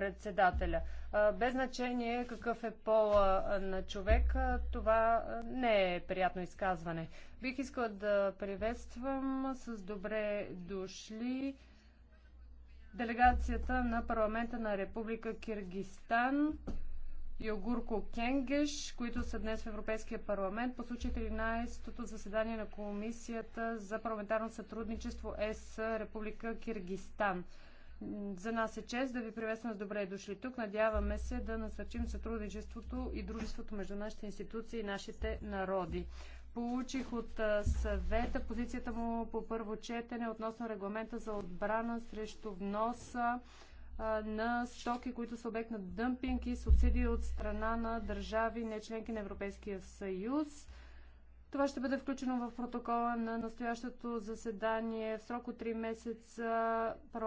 председателя. Без значение какъв е пола на човек, това не е приятно изказване. Бих искала да приветствам с добре дошли делегацията на парламента на Република Киргистан. Йогурко Кенгеш, които са днес в Европейския парламент по случай 13-тото заседание на Комисията за парламентарно сътрудничество ЕС Република Киргистан. За нас е чест да ви приветствам с добре дошли тук. Надяваме се да насърчим сътрудничеството и дружеството между нашите институции и нашите народи. Получих от съвета позицията му по първо четене относно регламента за отбрана срещу вноса на стоки, които са обект на дъмпинг и субсидии от страна на държави, не членки на Европейския съюз. Това ще бъде включено в протокола на настоящото заседание. В срок от 3 месеца